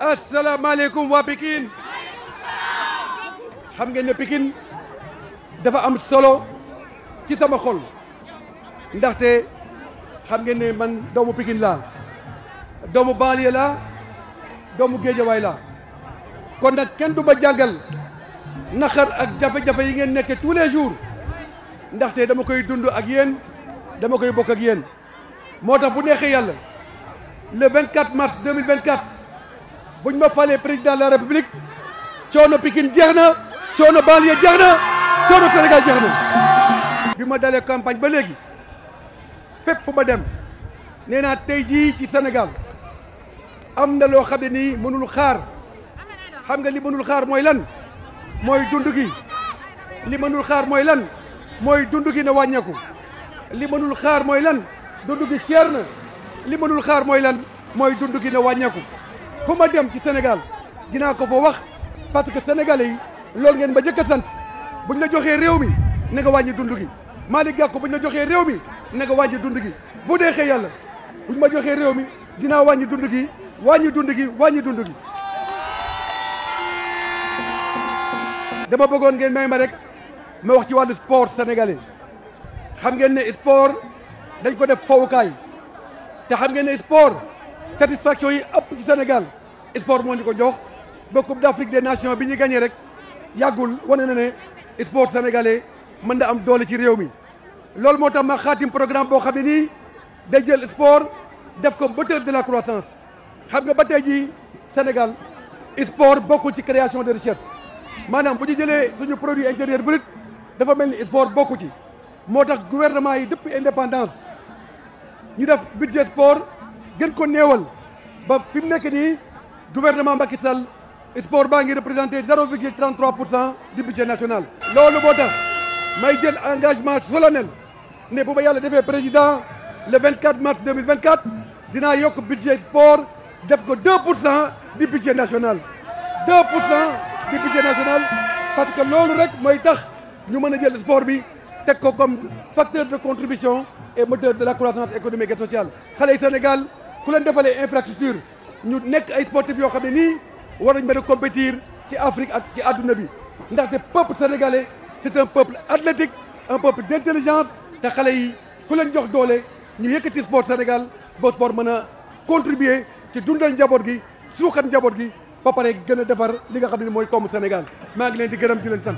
asalaamaaleykum waa Pikine xam ngeen ne Pikine dafa am solo ci sama xol ndaxte xam ngeen ne man doomu Pikine laa doomu banlieue laa doomu géejawaay laa kon na kenn du ma jàngal naqar ak jafe-jafe yi ngeen nekke tous les jours ndaxte dama koy dund ak yéen dama koy bokk ak yéen moo tax bu neexee yàlla le 24 mars 2024 bu ñu ma falee président de la république coono Pikine jeex na coono banlieue jeex na coono Sénégal jeex na. bi ma dalee campagne ba léegi fépp dem nee naa tey jii ci senegal am na loo xam ne nii mënul xaar xam nga li mënul xaar mooy lan mooy dund gi li mënul xaar mooy lan mooy dund gi na wàññeeku li mënul xaar mooy lan dund gi cher na li mënul xaar mooy lan mooy dund gi na wàññeeku. fu ma dem ci senegal dinaa ko fa wax parce que sénégalais yi loolu ngeen ba jëkk a sant buñ la joxee réew mi na nga wàññi dund gi Malick Gakou buñ la joxee réew mi na nga wàññi dund gi bu deexee yàlla buñ ma joxee réew mi dinaa wàññi dund gi wàññi dund gi wàññi dund gi dama bëggoon ngeen may ma rek ma wax ci wàllu sport sénégalais xam ngeen ne sport dañ ko def fowukaay te xam ngeen ne spoor satisfaction yi ëpp ci Sénégal sport moo ñu ko jox ba Coupe d'Afrique des Nations bi ñu gagné rek yàggul wane na ne sport sénégalais mën na am doole ci réew mi. loolu moo tax ma xaatim programme boo xam ne nii day jël sport def ko moteur de la croissance xam nga ba tey jii Sénégal sport bokkul ci création de richesse maanaam bu ñu jëlee suñu produit intérieur brut dafa mel ni sport bokku ci moo tax gouvernement yi depuis indépendance ñu def budget sport. gën ko néewal ba fi mu nekk nii gouvernement Macky Sall sport baa ngi représenté zéro virgule trente trois pour cent du budget national. loolu boo tax may jël engagement solennel ne bu ba yàlla defee président le vingt quatre mars deux mille vingt quatre dinaa yokk budget sport def ko deux pour cent du budget national. deux pour cent du budget national parce que loolu rek mooy tax ñu mën a jël sport bi teg ko comme facteur de contribution et moteur de la croissance économique et sociale xale yi Sénégal. ku leen defalee infrastructure ñu nekk ay sportif yoo xam ne nii war nañ mën a compétir ci Afrique ak ci àdduna bi ndaxte peuple sénégalais c'est un peuple athlétique un peuple d'intelligence te xale yi ku leen jox doole ñu yëkkati sport Sénégal ba sport mën a contribuer ci dundal njaboot gi suuxat njaboot gi ba gën a defar li nga xam ne mooy koomu Sénégal maa ngi leen di gërëm di leen san